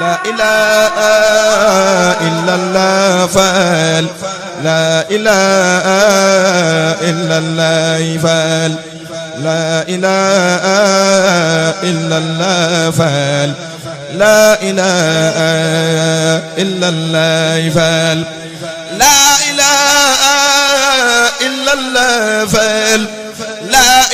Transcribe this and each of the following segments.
لا إله إلا الله فال لا إله إلا الله فال لا إله إلا الله فال لا إله إلا الله فال لا إله إلا الله فال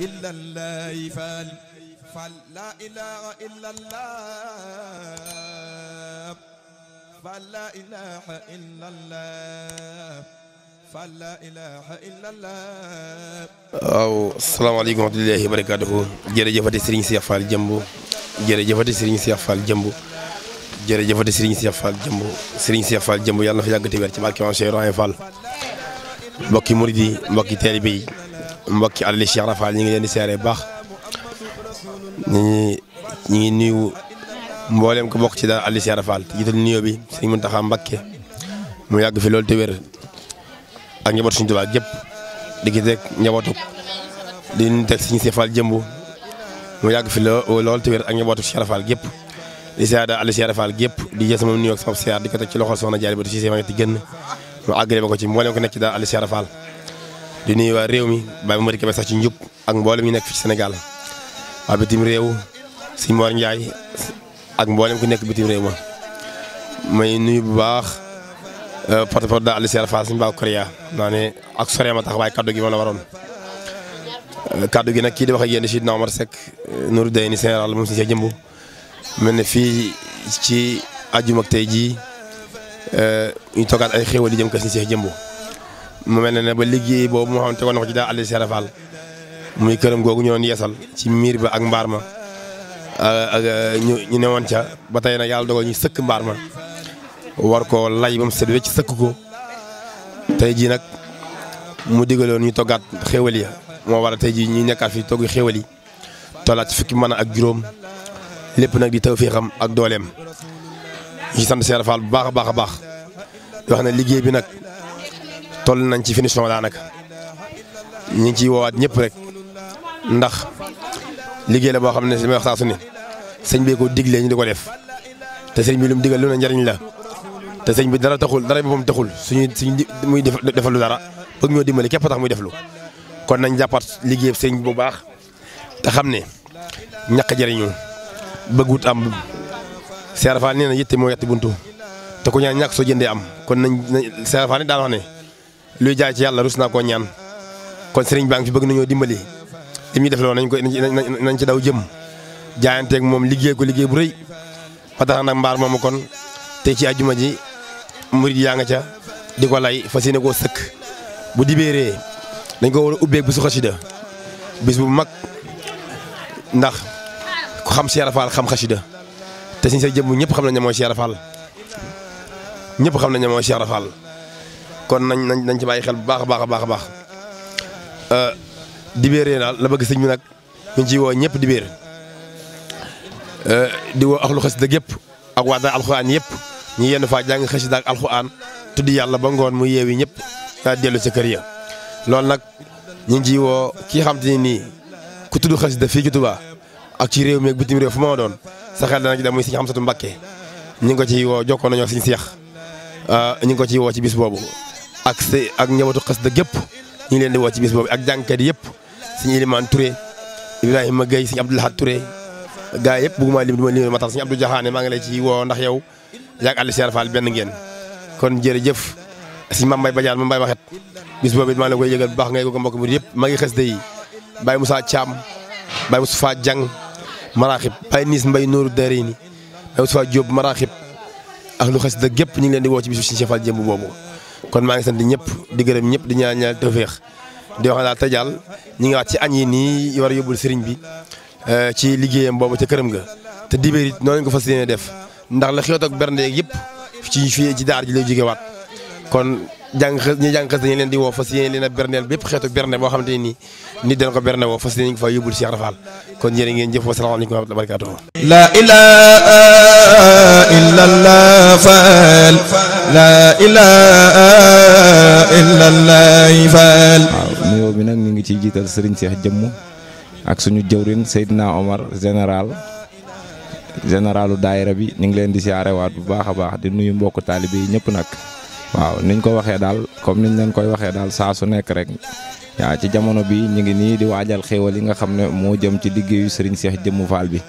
إلا الله فال فلا إله إلا الله فلا إله إلا الله فلا إله إلا الله waaw asalaamaaleykum wa rahmatullaahi wa barakaatuhu jërëjëfati Serigne Cheikh Fall Jëmb jërëjëfati Serigne Cheikh Fall Jëmb jërëjëfati Serigne Cheikh Fall Jëmb Serigne Cheikh Fall Jëmb yàlla na fa yàggati weer ci barke Maam Cheikh Ibrahima Fall mbokki murid yi mbokki taalibe yi mbokki àll Cheikh Rafal ñu ngi leen di seere baax ngi ñu mboolem ko bokk ci daal àll Cheikh Rafal te jiital nuyoo bi sëñ Muntaxa Mbakke mu yàgg fi loolu te wér ak njabootu suñu Tuubaa gépp di ki teg di ñu teg suñu Cheikh Fall jëmbu mu yàgg fi loolu te wér ak njabootu Cheikh Rafal gépp di siyaare àll Cheikh Rafal gépp di jël sama nuyoo ak sama siyaar di ko teg ci loxol soxna Jaari ba ci Cheikh Fall ti génn mu ci mboolem ko nekk di nuyu waa réew mi Baye Mody Kébé sax ci njub ak mboolem ñu nekk fi ci Sénégal waa bitim réew si Mor Ndiaye ak mboolem ku nekk bitim réew ma may nuyu bu baax euh, porte-parole de Aliou Seye Fall suñu Korea naa ne ak soree ma tax waaye kaddu gi ma la waroon euh, kaddu gi nag kii di wax ak yéen si Omar Seck euh, Nourou Day ni général moom si sa jëmb mel ne fii ci àjjuma ak tey jii ñu toogaat ay xéwal yi jëm ki si sa jëmb. mu mel na ne ba liggéey boobu moo xam tegoon na ko ci daal Aliou Serre muy këram googu ñu doon yeesal ci miir ba ak mbaar ma ñu ñu newoon ca ba tey nag yàlla dogal ñu sëkk mbaar ma war ko lay ba mu set ci sëkk ko tey jii nag mu digaloon ñu toggaat xéwal ya moo waral tey jii ñu nekkaat fi togg xéwal yi tollaat ci fukki mën ak juróom lépp nag di tawféexam ak dooleem ñu sant Serre Fall bu baax a baax a baax wax na liggéey bi nag. toll nañ ci finition daanaka ñu ngi ciy woowaat ñëpp rek ndax liggéey la boo xam ne li may wax saa su ne sëñ bee ko diglee di ko def te sëñ bi lu mu digal njariñ la te sëñ bi dara taxul dara boppam taxul suñuy suñuy muy defalu dara bëgg ñoo dimbali képp tax muy deflu kon nañ jàppaat liggéey sëñ bu baax te xam ne ñaq jëriñu bëggut am seerafaal nee na yitte moo yetti buntu te ku ñaan ñàkk soo jëndee am kon nañ seerafaal ne daan wax ne luy jaay ci yàlla rus naa koo ñaan kon sëriñ baa ngi fi bëgg nañoo dimbali li muy def loolu nañ ko nañ ci daw jëm jaayanteeg moom liggéey ko liggéey bu rëy ba tax nag mbaar moomu kon tey ci àjjuma ji murid yaa nga ca di ko lay fas yéene koo sëkk bu dibéeree dañ ko war a ubbeeg bisu xasida bis bu mag ndax ku xam Cheikh Fall xam xasida te suñ sa jëmm ñëpp xam nañ ne mooy Cheikh xam nañ ne mooy Cheikh kon nañ nañ nañ ci bàyyi xel bu baax a baax a baax a baax euh, la bëgg sëñ bi nag ñu ngi ciy woo ñëpp dibéer euh, di woo ak axlu xasida gépp ak waa daal alxuraan yëpp ñu yenn faa jàng xasida ak alxuraan tudd yàlla ba ngoon mu yi ñëpp daa dellu sa kër ya loolu nag ñu ngi ciy woo kii xam te ne nii ku tudd xasida fii ci Tuubaa ak ci réew mi ak bitim réew fu ma doon sa xel dana ci dem muy sëñ Xamsatu Mbàkke ñu ngi ko ciy woo jokkoon nañoo sëñ Seex euh, ñu ngi ko ciy woo ci bis boobu ak së ak njabootu xasida gépp ñu ngi leen di woo ci bis boobu ak jàngkat yëpp suñu Ilimaan Touré Ibrahima Gueye suñu Abdou Lahad Touré gaa yëpp bëgguma lim duma ma tax suñu Abdou Diakhane maa ngi lay ci woo ndax yow yaa ngi Aliou ngeen kon jërëjëf suñu Mame Mbaye Badiane Mame Mbaye waxet bis boobu it maa ngi la koy yëgal bu baax ngay ko mbokk mi yëpp maa ngi xasida yi Baye Moussa Thiam Baye Moustapha Diang Maraxib Baye Nis Mbaye Nourou Darini Baye Moustapha Diop Maraxib ak lu xasida gépp ñu ngi leen di woo ci bisu suñu Cheikh Fall jëmb boobu kon maa ngi sant ñëpp di gërëm ñëpp di ñaan ñaal tawféex di wax daal tajaal ñi ngi wax ci añ yi nii war a yóbbul sëriñ bi euh, ci liggéeyam boobu ca këram ga te dibéer it noonu nga fas yéene def ndax la xewtoog bernde yeeg yëpp ci fii ci daar ji lay jógewaat kon jàng xës ñi jàng xës dañu leen di woo fas yéene leen a berneel bépp xeetu berne boo xamante ne nii nit dañ ko berne woo fas yéene fa yóbbul Cheikh Rafal kon jërë ngeen jëf wa salaamaaleykum wa rahmatullahi wa barakaatuh la ilaha illa allah faal la ilaha illa allah faal waaw nuyoo bi nag ñu ngi ciy jiital Serigne Cheikh Jëmm ak suñu jëwrin Seydina Omar général généralu daayira bi ñu ngi leen di siyaare waat bu baax a baax di nuyu mbokk taalibe yi ñëpp nag waaw niñ ko waxee daal comme niñ leen koy waxee daal saa su nekk rek waaw ci jamono bii ñu ngi nii di waajal xéewal yi nga xam ne moo jëm ci liggéeyu Serigne seex Jëmmu Fall bi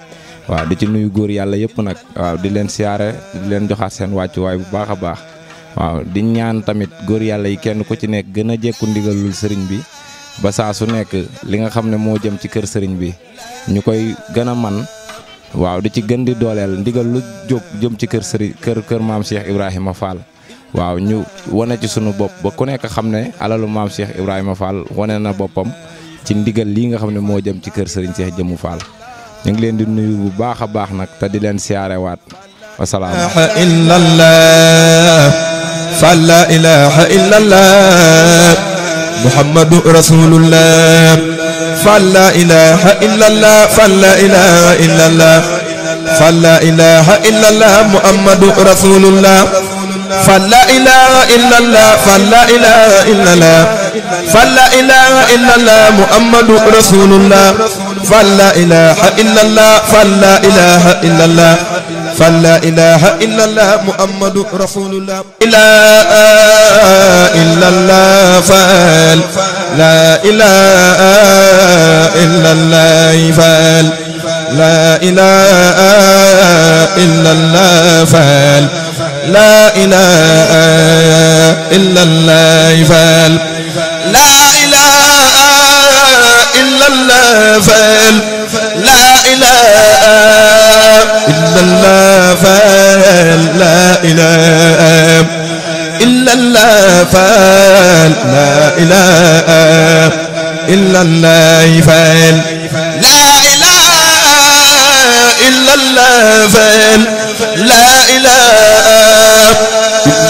waaw di ci nuyu góor yàlla yëpp nag waaw di leen siyaare di leen joxaat seen wàccuwaay bu baax a baax waaw di ñaan tamit góor yàlla yi kenn ku ci nekk gën a jekku ndigalul sëriñ bi ba saa su nekk li nga xam ne moo jëm ci kër sëriñ bi ñu koy gën a man waaw di ci gën di dooleel ndigal lu jóg jëm ci kër sëriñ kër kër maam Cheikh Ibrahima Fall waaw ñu wane ci sunu bopp ba ku nekk xam ne alalu maam Cheikh Ibrahima Fall wone na boppam ci ndigal lii nga xam ne moo jëm ci kër Serigne Cheikh Jëmu Fall ñu ngi leen di nuyu bu baax a baax nag te di leen siyaarewaat wasalaam illallah la ilaha illallah muhammadu rasulullah la ilaha illallah fa muhammadu rasulullah فلا إله إلا الله فلا إله إلا الله فلا إله إلا الله محمد رسول الله فلا إله إلا الله فلا إله إلا الله فلا إله إلا الله محمد رسول الله لا إلا الله فال لا إله إلا الله فال لا إله إلا الله فال لا إله إلا الله فال لا إله إلا الله فال لا إله إلا الله فال لا إله إلا الله فال لا إله إلا الله فال لا إله إلا الله فال لا إله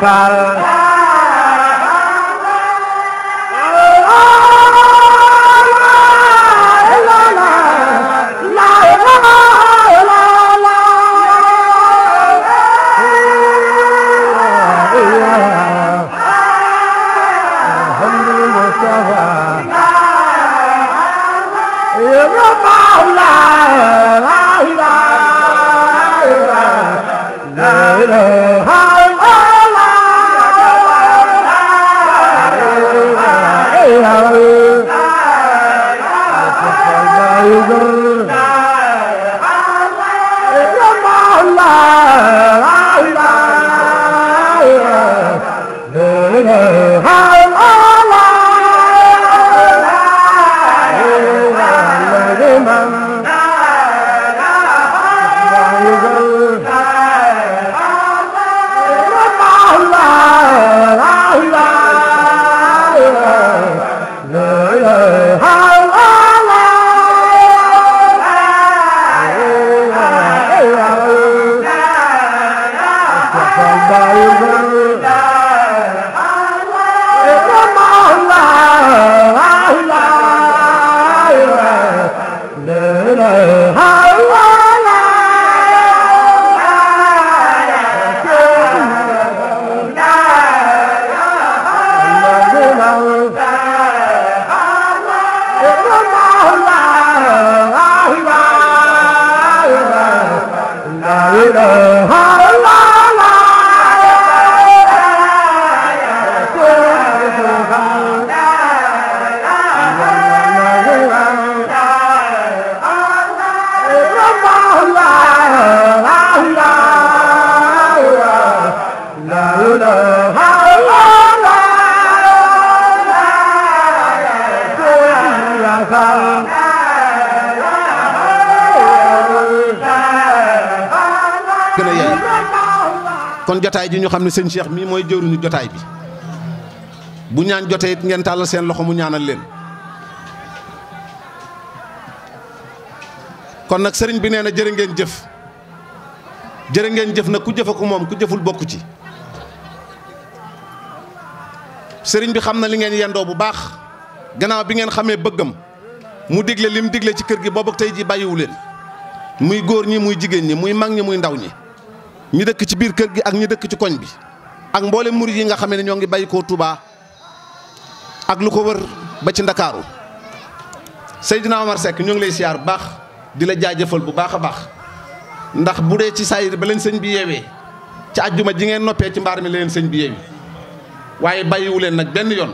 Fall الله kon jotaay ji ñu xam ne sëñ Cheikh mii mooy jëwriñu jotaay bi bu ñaan jotee it ngeen tàll seen loxo mu ñaanal leen. kon nag sëriñ bi nee na jërë ngeen jëf jërë ngeen jëf na ku jëfa ko moom ku jëful bokku ci sëriñ bi xam na li ngeen yendoo bu baax gannaaw bi ngeen xamee bëggam mu digle lim digle ci kër gi boobu tey ji bàyyiwu leen muy góor ñi muy jigéen ñi muy mag ñi muy ndaw ñi ñi dëkk ci biir kër gi ak ñi dëkk ci koñ bi ak mboole mur yi nga xamee ne ñoo ngi bàyyi koo Touba ak lu ko wër ba ci ndakaaru Seydina Omar Seck ñoo ngi lay siyaar bu baax di la jaajëfal bu baax a baax ndax bu dee ci saayir ba leen sëñ bi yeewee ci àjjuma ji ngeen noppee ci mbaar mi la leen sëñ bi yeewi waaye bàyyiwu leen nag benn yoon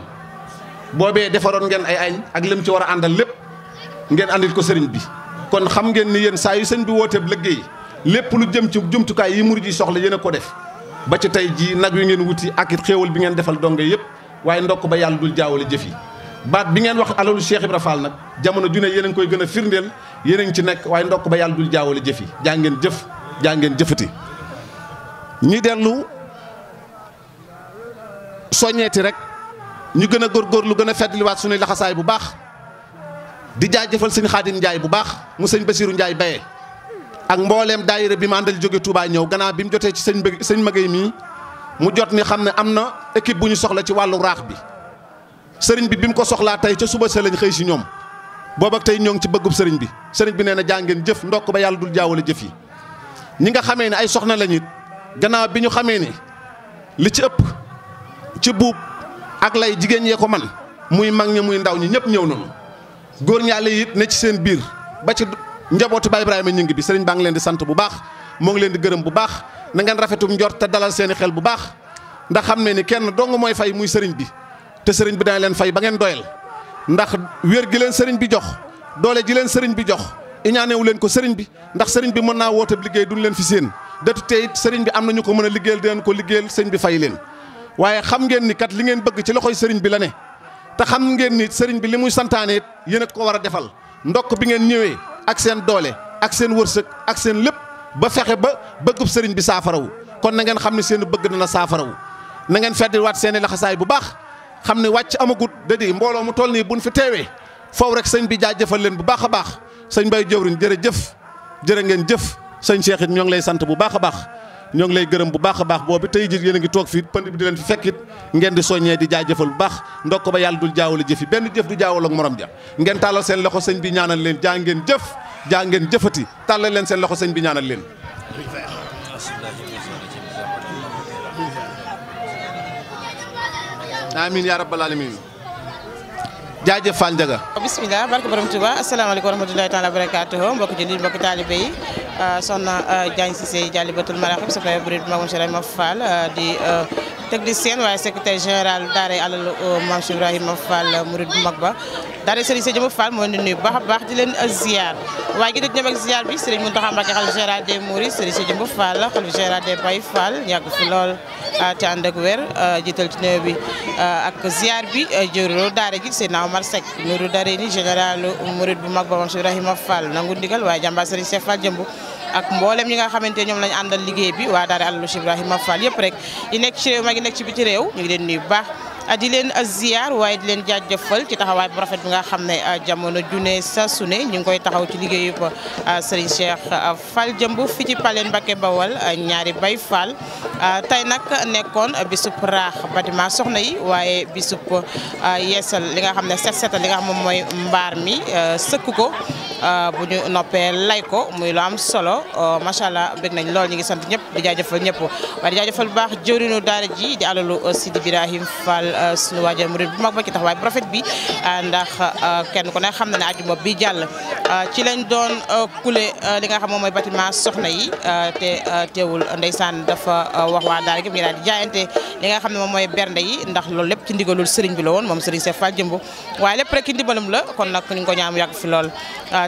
boobee defaroon ngeen ay añ ak lim ci war a àndal lépp ngeen àndil ko sëriñ bi kon xam ngeen ni yéen saa yu sëñ bi wooteeb liggéey lépp lu jëm ci jumtukaay yi murid yi soxla yéen ko def ba ci tey jii nag yu ngeen wuti ak it xéewal bi ngeen defal donge yëpp waaye ndokk ba yàlla dul jaawale jëf yi baat bi ngeen wax alalu Cheikh Ibra Fall nag jamono ju ne yéen a koy gën a firndeel yéen ngi ci nekk waaye ndokk ba yàlla dul jaawale jëf yi jaa ngeen jëf jaa ngeen jëfati ñi dellu soññeeti rek ñu gën a góorgóorlu gën a feddliwaat suñuy laxasaay bu baax di jaajëfal sëñ Xaadim Njaay bu baax mu sëñ Basiiru Njaay Baye ak mbooleem daayira bi ma àndal jóge Touba ñëw gannaaw bi mu jotee ci sëñ bëgg sañ magay mii mu jot ni xam ne am na équipe bu ñu soxla ci wàllu raax bi sëriñ bi bi mu ko soxlaa tey ca suba sa lañ xëy si ñoom booba tey ñoo ngi ci bëggub sëriñ bi sëriñ bi nee na jàngeen jëf ndokk ba yàlla dul jaawale jëf yi ñi nga xamee ne ay soxna lañu it gannaaw bi ñu xamee ni li ci ëpp ci buub ak lay jigéen yee ko man muy mag ñi muy ndaw ñi ñëpp ñëw nañu góor ñaale it ne ci seen biir njabootu Baye Ibrahima ñu ngi bi sëriñ baa leen di sant bu baax moo ngi leen di gërëm bu baax na ngeen rafetum njort te dalal seeni xel bu baax ndax xam ne ni kenn dong mooy fay muy sëriñ bi te sëriñ bi dana leen fay ba ngeen doyel ndax wér gi leen sëriñ bi jox doole ji leen sëriñ bi jox iñaanewu leen ko sëriñ bi ndax sëriñ bi mën naa wootab liggéey duñu leen fi séen datu te it sëriñ bi am nañu ko mën a liggéeyal di leen ko liggéeyal sëriñ bi fay leen waaye xam ngeen ni kat li ngeen bëgg ci loxoy sëriñ bi la ne te xam ngeen ni sëriñ bi li muy santaane it yéen a ko war a defal ndokk bi ngeen ñëwee ak seen doole ak seen wërsëg ak seen lépp ba fexe ba bëggub sëriñ bi saafarawu kon na ngeen xam ne seen bëgg dana saafarawu na ngeen waat seen i laxasaay bu baax xam ne wàcc amagut da mbooloo mu toll nii buñ fi teewee foofu rek sëñ bi jaajëfal leen bu baax a baax sëñ Baye jëwriñ jëf jërë ngeen jëf sëñ Cheikh it ñoo ngi lay sant bu baax a baax ñoo ngi lay gërëm bu baax a baax boobu tey jii yéen a ngi toog fii pënd bi di leen fi fekkit ngeen di soññee di jaajëfal bu baax ndokk ba yàlla dul jaawale la yi benn jëf du jaawal ak morom ja ngeen tàllal seen loxo sëñ bi ñaanal leen jaa ngeen jëf jaa ngeen jëfati tàllal leen seen loxo sëñ bi ñaanal leen amin yaa rabbal jaajëf Fall Ndiaga bisimilah barke borom Touba asalaamaaleykum wa rahmatulahi taala wa barakatuh mbokk jullit mbokk taalibe yi ah, soxna ah, Diagne Cissé Diallibatul Maraqib soxna Bourid Mamoun Cheikh ah, di technicien waaye secrétaire général daara alal euh, Maam Cheikh Ibrahima Fall euh, murid bu mag ba daara sëriñ Sëriñ Jëmm Fall moo leen di baax baax di leen euh, ziar waaye gi dëj ñoom ak ziar bi sëriñ Mountakha Mbacké xalifa général des Mourides sëriñ Sëriñ jiital ci néew bi ak bi jëru daara gi Seydina Omar Seck nuuru daara ni général murid bu mag ba Maam Cheikh Ibrahima Fall nangu ndigal waaye jàmbaar sëriñ Cheikh Fall jëmb ak mboolem ñi nga xamante ñoom lañu àndal liggéey bi waa daara Al Louch Ibrahima Fall yëpp rek yi nekk ci réew maa nekk ci biti réew ñu ngi leen nuyu bu baax ah, di leen a ziar waaye di leen jaaj jaajëfal ci taxawaay bu rafet bi nga xam ne ah, jamono junne sa sune ñu ngi koy taxaw ci liggéeyu ah, Serigne Cheikh fal jëmb fi ci Palen Mbacké Bawal ñaari bay Fall tey nag nekkoon bisub raax bâtiment soxna yi waaye bisub yeesal li nga xam ne set seetal li nga xam moom mooy mbaar mi sëkk ko Euh, bu ñu noppee lay ko muy lu am solo euh, macha allah bëgg nañ lool ñu ngi sant ñëpp di jaajëfal ñëpp waaye di jaajëfal bu baax jëwriñu daara ji di alalu euh, Sidi Ibrahim Fall suñu waajal murid bu mag ba ci taxawaay bu rafet bi ndax kenn ku ne xam na ne ajuma bi jàll ci lañ doon kule li nga xam moom mooy bâtiment soxna yi te teewul ndeysaan dafa wax waa daara gi li nga xam ne moom mooy bernde yi ndax loolu lépp ci ndigalul sëriñ bi la moom sëriñ Seex Fall jëmb waaye lépp rek ci ndibalum la kon nag ñu ngi ko ñaam yàgg fi lool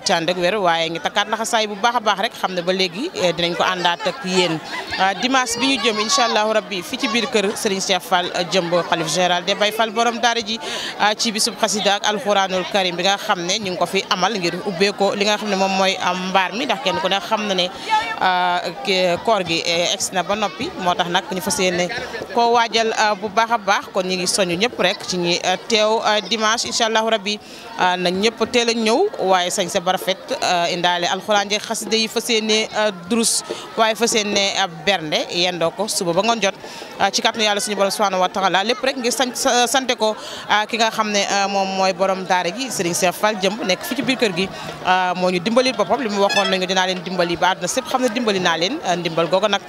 ci ànd ak wér waaye ngi takkaat laxasaay bu baax a baax rek xam ne ba léegi eh, dinañ ko àndaat ak yéen ah, dimanche bi ñu jëm incha allahu rabbi fi ci biir kër Serigne Cheikh Fall eh, jëmb xalif général de Baye ah, bi nga xam ne ñu ngi ko fi amal ngir ubbee ko li nga xam ne moom mooy ah, mbaar mi ndax kenn ku ne xam na ne koor gi eh, egsi na ba noppi moo tax nag ñu fas yéene koo waajal bu baax a baax kon ñu ngi soñu ñëpp rek ci ñi teew dimanche incha allahu rabbi na ñëpp teel a ñëw waaye sañ sa ba rafet euh, indaale alxuraan jeeg xasida yi fas yéene euh, durus waaye fas yéene euh, bernde yendoo ko suba ba ngoon jot ci kàttanu yàlla suñu borom subhanahu wa taala lépp rek ngir sant sante ko ki nga xam ne moom mooy borom daara gi Serigne Cheikh Fall jëmb nekk fi ci biir kër gi moo ñu dimbali boppam li mu waxoon nañu dinaa leen dimbali ba àdduna sépp xam ne dimbali naa leen ndimbal googu nag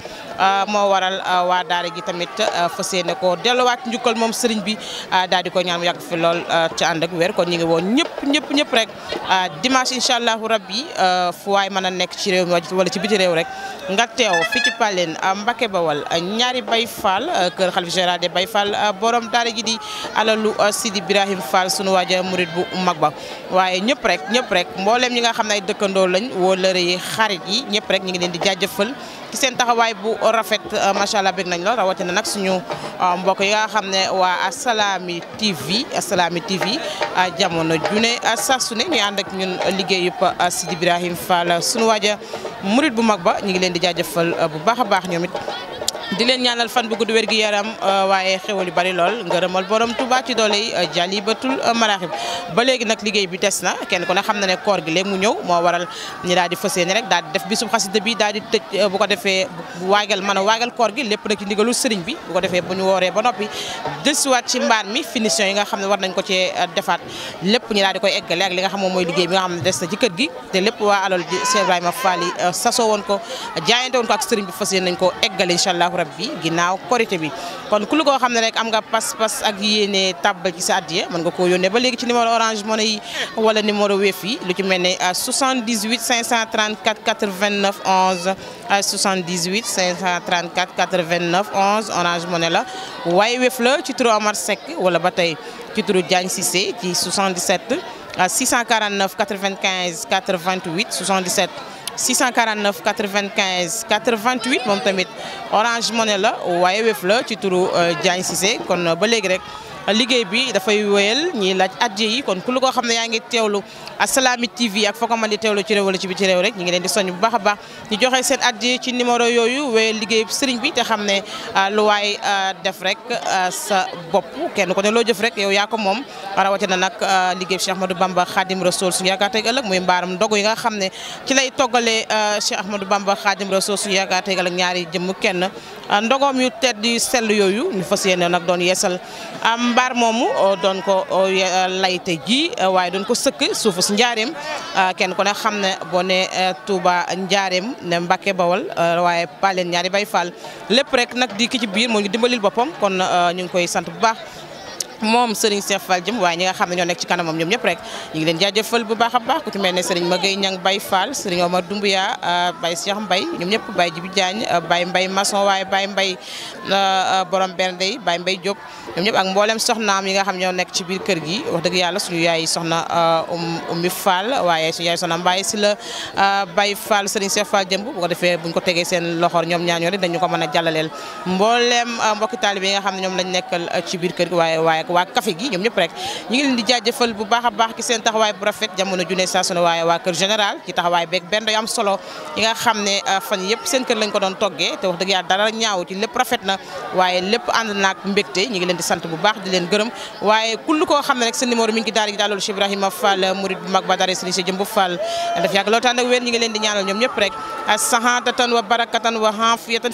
moo waral waa daara gi tamit fas yéene ko delluwaat njukkal moom Serigne bi daal ko ñaan mu yàgg fi lool ci ànd ak kon ñu woon ñëpp ñëpp rek incha allahu rabbi euh, fu waay mën a nekk ci réew mi wala ci biti réew rek nga teew a ci Palen euh, Mbacké Bawal euh, ñaari Baye Fall kër xalif général de Baye Fall borom daara ji di alalu Sidi Ibrahim Fall sunu waaja murid bu mag ba waaye ñëpp rek ñëpp rek mboolem ñi nga xam ne ay dëkkandoo lañ wóolëre yi xarit yi ñëpp rek ñu ngi leen di jaajëfal ci seen taxawaay bu rafet macha allah bëgg nañ la rawatina nag suñu mbokk yi nga xam ne waa Assalaamy TV TV saa su ne ñu ànd ak liggéeyub Sidi Ibrahim Fall sunu waaja murit bu mag ba ñu ngi leen di jaajëfal uh, bu baax a baax ñoom it di leen ñaanal fan bu gudd wér gi yaram euh, waaye xéwal yu bari lool ngërëmal borom Touba ci dooley Dialibatoul euh, euh, Marakhib ba léegi nag liggéey bi des na kenn ku ne xam na ne koor gi léeg mu ñëw moo waral ñi daal di fas yéene rek daal di def bisub xasida bi daal ko defee waagal mën a koor gi lépp nag ci sëriñ bi bu ko defee bu ñu wooree ba noppi dësiwaat ci mbaar mi finition yi nga xam ne war nañ ko cee defaat lépp ñi daal di koy eggale ak li nga xam moom mooy liggéey bi nga xam ne des na ci kër gi te lépp waa alal di Cheikh Ibrahima sasoo woon ko jaayante woon ko ak sëriñ bi fas yéene nañ ko eggale incha allah rabbi ginnaaw korité bi kon ku lu koo xam ne rek am nga pas-pas ak yéene tàbbal ci sa addiya mën nga koo yónnee ba léegi ci numéro orange money yi wala numéro wéef yi lu ci mel ne 78 534 89 11 78 534 89 11 orange money la waaye wéef la ci turu Omar Seck wala ba tey ci turu Diagne Cissé ci 77 649 95 88 77 649 95 88 moom tamit Orange Money la waaye Wave la ci turu euh, Diagne sise kon euh, ba léegi rek. liggéey bi dafay wéyal ñiy laaj adje yi kon ku lu koo xam ne yaa ngi teewlu Assalaamy TV ak foo ko mën di teewlu ci réew wala ci biti réew rek ñi ngi leen di soññ bu baax a baax ñu joxe seen adje ci numéro yooyu wéyal liggéey sëriñ bi te xam ne ah, lu waay ah, def rek ah, sa bopp kenn ko ne loo def rek yow yaa ko moom rawatina nag liggéey Cheikh Ahmadou Bamba Khadim Rasoul suñu yaakaar tey ëllëg muy mbaaram ndogu yi nga xam ne ci lay toggalee Cheikh Ahmadou Bamba Khadim Rasoul suñu yaakaar tey ëllëg ñaari jëmm kenn ndogoom yu tedd sel yooyu ñu fas yéene nag doon yeesal mbaar moomu doon ko layte ji waaye doon ko sëkk suufus njaareem kenn ku ne xam ne bone ne e, Touba njaareem ne Mbacke Bawal e, waaye paleen ñaari bay fall lépp rek nag di ki ci biir moo ñu dimbalil boppam kon e, ñu koy sant bu moom Serigne Cheikh Fall jëm waaye ñi nga xam ne ñoo nekk ci kanamam ñoom ñëpp rek ñu ngi leen jaajëfal bu baax a baax ku ci mel ne Serigne Magay Ñang Baye Fall Serigne Omar Doumbouya euh, Baye Cheikh Mbaye ñëpp Baye Jibi Diagne euh, Baye Mbaye euh, nga xam ne ñoo nekk ci biir kër gi wax dëgg yàlla suñu yaay soxna um, Oumy Fall waaye suñu yaay soxna Mbaye si la Baye Fall Serigne Cheikh Fall jëm bu ko defee buñ ko tegee seen loxoor ñoom ñaañoo rek dañu ko mën a jàllaleel mboolem mbokki taalibe ne ñoom lañ nekkal ci biir kër gi waaye waaye ak waa café gi ñoom ñëpp rek ñu ngi leen di bu baax a baax ci seen taxawaay bu rafet jamono junne saa waaye waa kër général ci taxawaay beeg am solo yi nga xam ne euh, fan yëpp seen kër lañ ko doon toggee te wax dëgg yàlla dara ñaaw ci lépp rafet waaye lépp ànd naag mbégte ñu ngi di sant bu baax di leen gërëm waaye kull koo xam ne rek seen numéro mi daaloolu Cheikh Ibrahima Fall murid bu mag ba daara si jëmbu Fall daf yàgg loolu di ñaanal ñoom ñëpp rek sahaadatan wa barakatan wa xaafiyatan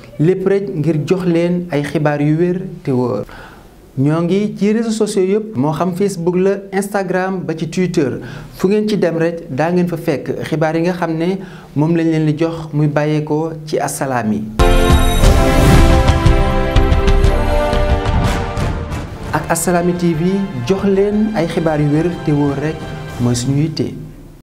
lépp rek ngir jox leen ay xibaar yu wér te wóor ñoo ngi ci réseaux sociaux yëpp moo xam Facebook la Instagram ba ci Twitter fu ngeen ci dem rek daa ngeen fa fekk xibaar yi nga xam ne moom lañ leen di jox muy bàyyeekoo ci assalaami ak Assalaamy TV jox leen ay xibaar yu wér te wóor rek mooy suñu yitte.